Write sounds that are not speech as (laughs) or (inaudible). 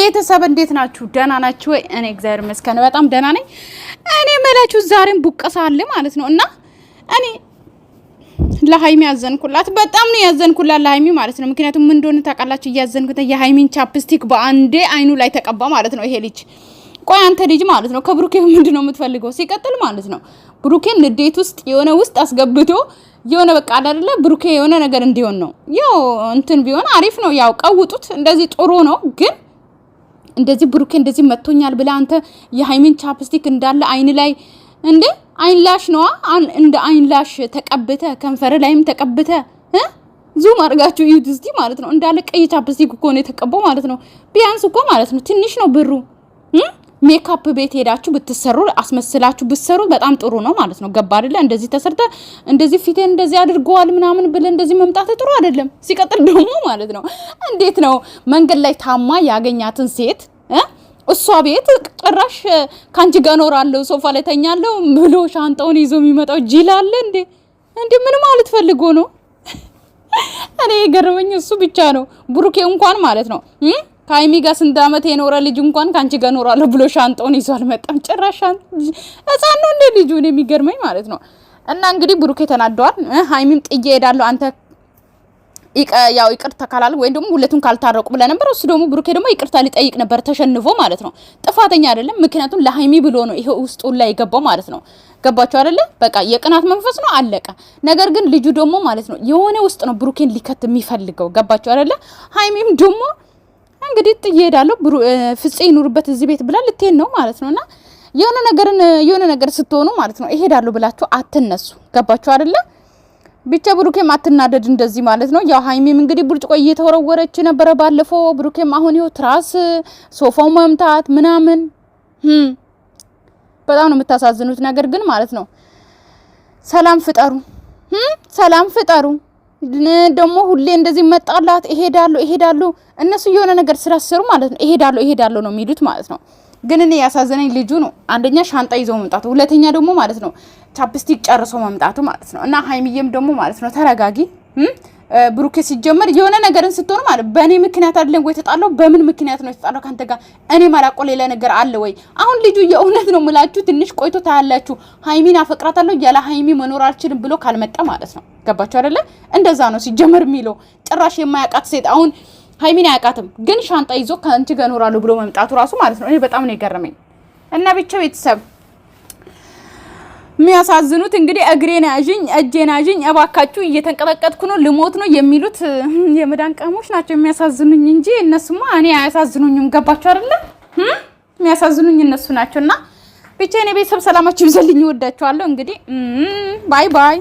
ቤተሰብ እንዴት ናችሁ? ደህና ናችሁ ወይ? እኔ እግዚአብሔር ይመስገን በጣም ደህና ነኝ። እኔ መላችሁ ዛሬም ቡቀሳ አለ ማለት ነው እና እኔ ለሀይሚ ያዘንኩላት በጣም ነው ያዘንኩላት ለሀይሚ ማለት ነው። ምክንያቱም ምን እንደሆነ ታውቃላችሁ? እያዘንኩት የሀይሚን ቻፕስቲክ በአንዴ አይኑ ላይ ተቀባ ማለት ነው ይሄ ልጅ። ቆይ አንተ ልጅ ማለት ነው ከብሩኬ (laughs) ምንድን ነው የምትፈልገው? ሲቀጥል ማለት ነው ብሩኬን ንዴት ውስጥ የሆነ ውስጥ አስገብቶ የሆነ በቃ አይደለ ብሩኬ የሆነ ነገር እንዲሆን ነው ያው እንትን ቢሆን አሪፍ ነው ያው ቀውጡት እንደዚህ ጥሩ ነው ግን እንደዚህ ብሩኬ እንደዚህ መቶኛል ብለ አንተ የሃይሚን ቻፕስቲክ እንዳለ አይን ላይ እንዴ አይንላሽ ነዋ። እንደ አይንላሽ ተቀብተ ከንፈር ላይም ተቀብተ ዙም አድርጋችሁ እዩት እስቲ ማለት ነው። እንዳለ ቀይ ቻፕስቲክ እኮ ነው የተቀባው ማለት ነው። ቢያንስ እኮ ማለት ነው ትንሽ ነው ብሩ። ሜካፕ ቤት ሄዳችሁ ብትሰሩ አስመስላችሁ ብትሰሩ በጣም ጥሩ ነው ማለት ነው። ገባ አይደለ? እንደዚህ ተሰርተ እንደዚህ ፊቴን እንደዚህ አድርገዋል ምናምን ብለ እንደዚህ መምጣት ጥሩ አይደለም። ሲቀጥል ደግሞ ማለት ነው እንዴት ነው መንገድ ላይ ታማ ያገኛትን ሴት እሷ ቤት ጭራሽ ከአንቺ ጋር እኖራለሁ ሶፋ ላይ ተኛለሁ ብሎ ሻንጣውን ይዞ የሚመጣው ጅል አለ እንዴ! እንዴ ምን ማለት ፈልጎ ነው? እኔ የገረመኝ እሱ ብቻ ነው። ብሩኬ እንኳን ማለት ነው ከሀይሚ ጋር ስንት ዓመት የኖረ ልጅ እንኳን ከአንቺ ጋር እኖራለሁ ብሎ ሻንጣውን ይዞ አልመጣም። ጭራሽ ህፃን ነው እንዴ ልጁ? የሚገርመኝ ማለት ነው። እና እንግዲህ ብሩኬ ተናደዋል። ሀይሚም ጥዬ ሄዳለሁ አንተ ያው ይቅርታ ካላለ ወይም ደግሞ ሁለቱን ካልታረቁ ብለ ነበር። እሱ ደግሞ ብሩኬ ደግሞ ይቅርታ ሊጠይቅ ነበር ተሸንፎ ማለት ነው። ጥፋተኛ አይደለም፣ ምክንያቱም ለሀይሚ ብሎ ነው ይሄ ውስጡ ላይ የገባው ማለት ነው። ገባቸው አይደለ? በቃ የቅናት መንፈስ ነው አለቀ። ነገር ግን ልጁ ደግሞ ማለት ነው የሆነ ውስጥ ነው ብሩኬን ሊከት የሚፈልገው ገባቸው አይደለ? ሀይሚም ደግሞ እንግዲህ ትሄዳለሁ ፍፄ ይኑርበት እዚህ ቤት ብላ ልትሄድ ነው ማለት ነውና የሆነ ነገርን የሆነ ነገር ስትሆኑ ማለት ነው ይሄዳሉ ብላችሁ አትነሱ። ገባችሁ አይደለ? ብቻ ብሩኬም አትናደድ እንደዚህ ማለት ነው። ያው ሀይሚም እንግዲህ ብርጭቆ እየተወረወረች ነበረ ባለፈው። ብሩኬም አሁን ይኸው ትራስ ሶፋው መምታት ምናምን በጣም ነው የምታሳዝኑት። ነገር ግን ማለት ነው ሰላም ፍጠሩ፣ ሰላም ፍጠሩ። ደግሞ ሁሌ እንደዚህ መጣላት፣ ይሄዳሉ፣ ይሄዳሉ። እነሱ የሆነ ነገር ስላሰሩ ማለት ነው ይሄዳሉ፣ ይሄዳሉ ነው የሚሉት ማለት ነው። ግን እኔ ያሳዘነኝ ልጁ ነው። አንደኛ ሻንጣ ይዞ መምጣቱ፣ ሁለተኛ ደግሞ ማለት ነው ቻፕስቲክ ጨርሶ መምጣቱ ማለት ነው። እና ሀይሚዬም ደግሞ ማለት ነው ተረጋጊ ብሩኬ ሲጀመር የሆነ ነገርን ስትሆኑ ማለት በእኔ ምክንያት አይደለም ወይ ተጣለው? በምን ምክንያት ነው የተጣለው ከአንተ ጋር እኔ ማላቆ ሌላ ነገር አለ ወይ? አሁን ልጁ የእውነት ነው ምላችሁ ትንሽ ቆይቶ ታያላችሁ። ሀይሚን አፈቅራታለሁ ያለ ሀይሚ መኖር አልችልም ብሎ ካልመጣ ማለት ነው ገባችሁ አይደለ? እንደዛ ነው ሲጀመር የሚለው ጭራሽ የማያውቃት ሴት አሁን ሀይሚን አያውቃትም፣ ግን ሻንጣ ይዞ ከአንቺ ጋር እኖራለሁ ብሎ መምጣቱ ራሱ ማለት ነው እኔ በጣም ነው የገረመኝ። እና ብቻ ቤተሰብ የሚያሳዝኑት እንግዲህ እግሬን ያዥኝ እጄን ያዥኝ እባካችሁ እየተንቀጠቀጥኩ ነው ልሞት ነው የሚሉት የመዳን ቀሞች ናቸው የሚያሳዝኑኝ እንጂ እነሱማ እኔ አያሳዝኑኝም። ገባችሁ አይደለም? የሚያሳዝኑኝ እነሱ ናቸው። እና ብቻ እኔ ቤተሰብ ሰላማችሁ ይብዛልኝ። እወዳችኋለሁ። እንግዲህ ባይ ባይ